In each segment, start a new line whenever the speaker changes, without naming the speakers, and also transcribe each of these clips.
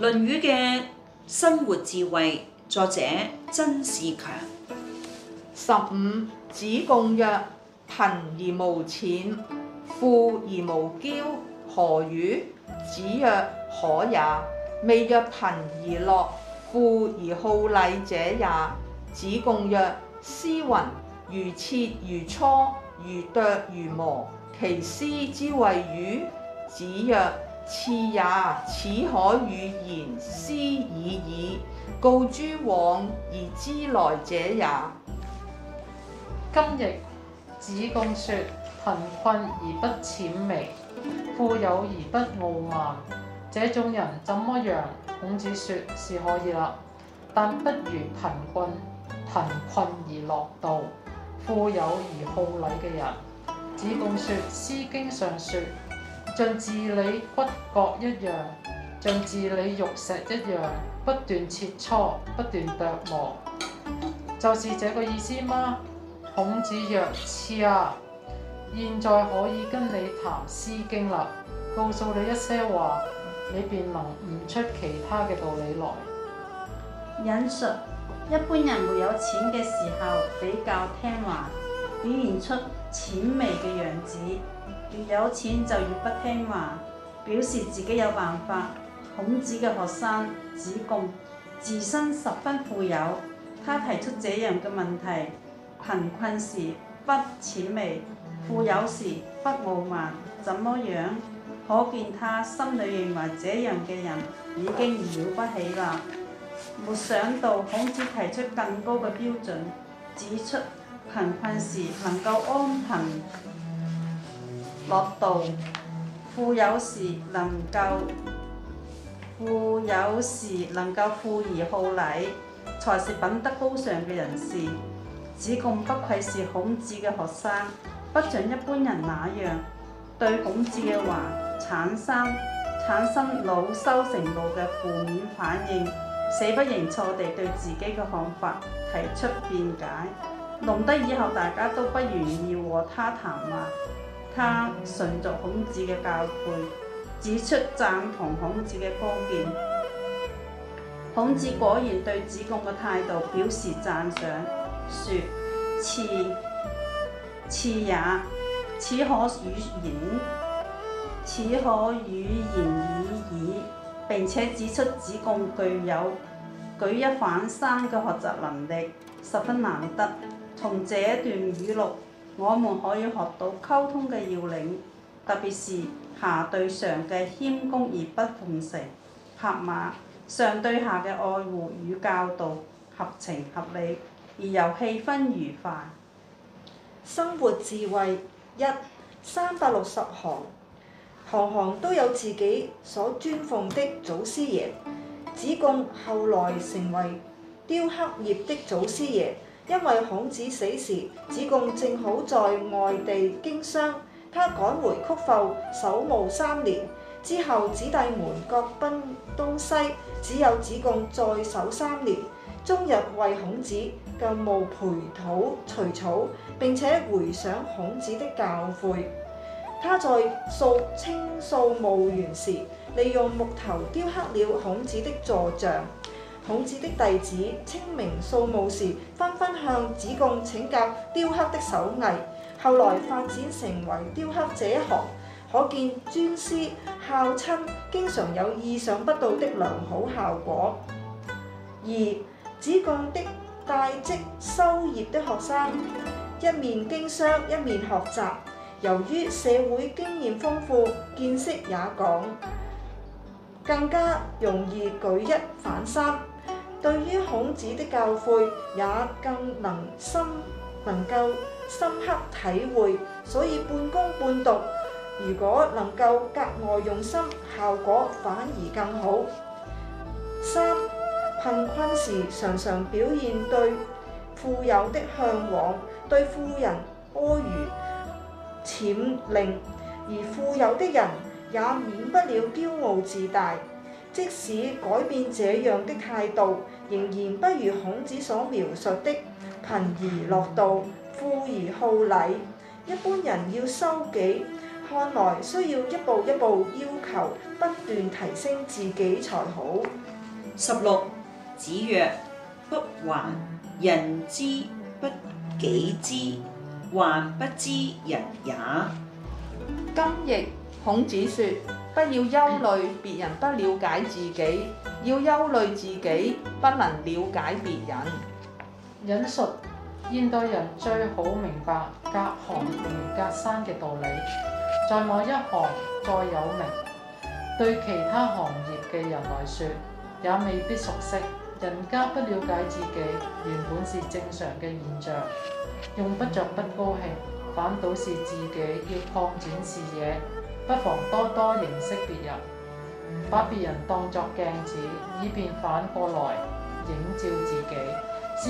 《論語》嘅生活智慧，作者曾仕強。十五，子貢曰：貧而無諂，富而無驕，何如？子曰：可也。未若貧而樂，富而好禮者也。子貢曰：詩云：如切如磋，如琢如磨。其斯之謂與？子曰，次也，此可與言詩已矣。告諸往而知來者
也。今日子貢說：貧困而不諂媚，富有而不傲慢，這種人怎麼樣？孔子說是可以啦，但不如貧困。貧困而樂道，富有而好禮嘅人。子貢說《詩經》上說。像治理骨角一樣，像治理玉石一樣，不斷切磋，不斷琢磨，就是這個意思嗎？孔子曰：賜也。現在可以跟你談《詩經》啦，告訴你一些話，你便能悟出其他嘅道理來。隱術，
一般人沒有錢嘅時候比較聽話，表現出淺微嘅樣子。越有錢就越不聽話，表示自己有辦法。孔子嘅學生子貢自身十分富有，他提出這樣嘅問題：貧困時不諂媚，富有時不傲慢，怎麼樣？可見他心裏認為這樣嘅人已經了不起啦。沒想到孔子提出更高嘅標準，指出貧困時能夠安貧。樂道，富有時能夠富有時能夠富而好禮，才是品德高尚嘅人士。子貢不愧是孔子嘅學生，不像一般人那樣對孔子嘅話產生產生惱羞成怒嘅負面反應，死不認錯地對自己嘅看法提出辯解，弄得以後大家都不願意和他談話。他順着孔子嘅教誨，指出讚同孔子嘅方便。孔子果然對子貢嘅態度表示讚賞，說：「賜，賜也，始可與言，始可與言已矣。」並且指出子貢具有舉一反三嘅學習能力，十分難得。從這一段語錄。我們可以學到溝通嘅要領，特別是下對上嘅謙恭而不奉承拍馬，上對下嘅愛護與教導合情合理，
而又氣氛愉快。生活智慧一三百六十行，行行都有自己所尊奉的祖師爺。子貢後來成為雕刻業的祖師爺。因為孔子死時，子貢正好在外地經商，他趕回曲阜守墓三年。之後，子弟們各奔東西，只有子貢再守三年，終日為孔子敬墓培土除草，並且回想孔子的教誨。他在掃清掃墓園時，利用木頭雕刻了孔子的坐像。孔子的弟子清明掃墓時，紛紛向子貢請教雕刻的手藝，後來發展成為雕刻這一行。可見尊師孝親，經常有意想不到的良好效果。而子貢的帶職修業的學生，一面經商一面學習，由於社會經驗豐富，見識也廣，更加容易舉一反三。對於孔子的教誨也更能深能夠深刻體會，所以半工半讀，如果能夠格外用心，效果反而更好。三，貧困時常常表現對富有的嚮往，對富人阿諛諂佞，而富有的人也免不了驕傲自大。即使改變這樣的態度，仍然不如孔子所描述的貧而樂道，富而好禮。一般人要修己，看來需要一步一步要求，不斷提升自己才好。十六，子曰：不患人之不己知，患不知人也。
今亦。孔子說：不要憂慮別人不了解自
己，要憂慮自己不能了解別人。引述現代人最好明白隔行如隔山嘅道理，在某一行再有名，對其他行業嘅人來說也未必熟悉。人家不了解自己，原本是正常嘅現象，用不着不高興，反倒是自己要擴展視野。不妨多多認識別人，把別人當作鏡子，以便反過來映照自己，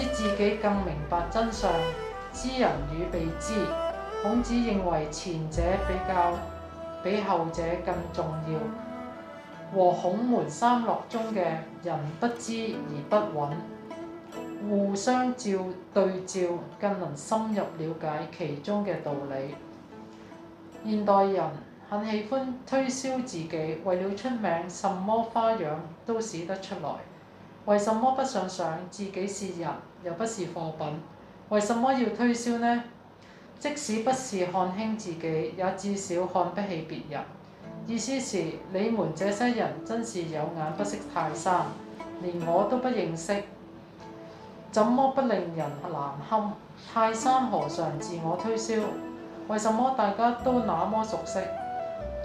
使自己更明白真相。知人與被知，孔子認為前者比較比後者更重要。和孔門三樂中嘅人不知而不愠，互相照對照，更能深入了解其中嘅道理。現代人，很喜歡推銷自己，為了出名，什麼花樣都使得出來。為什麼不想想自己是人，又不是貨品？為什麼要推銷呢？即使不是看輕自己，也至少看不起別人。意思是你們這些人真是有眼不識泰山，連我都不認識，怎麼不令人難堪？泰山何嘗自我推銷，為什麼大家都那麼熟悉？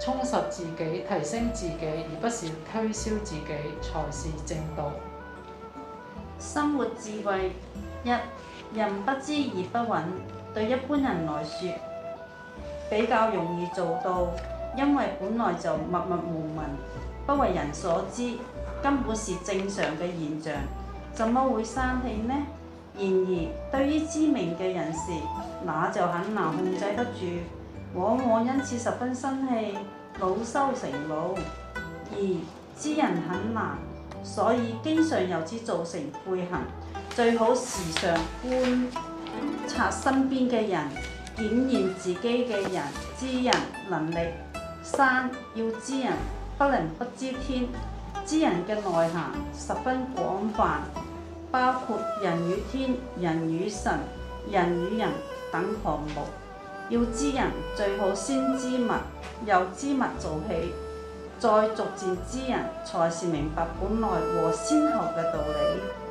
充實自己、提升自己，而不是推銷自己，才是正道。生活智慧一：
人不知而不愠，對一般人來說比較容易做到，因為本來就默默無聞，不為人所知，根本是正常嘅現象，怎麼會生氣呢？然而對於知名嘅人士，那就很難控制得住。往往因此十分生氣，老羞成怒，二知人很難，所以經常由此造成悔恨。最好時常觀察身邊嘅人，檢驗自己嘅人知人能力。三要知人，不能不知天。知人嘅內涵十分廣泛，包括人與天、人與神、人與人等項目。要知人，最好先知物，由知物做起，再逐漸知人，才是明白
本來和先後嘅道理。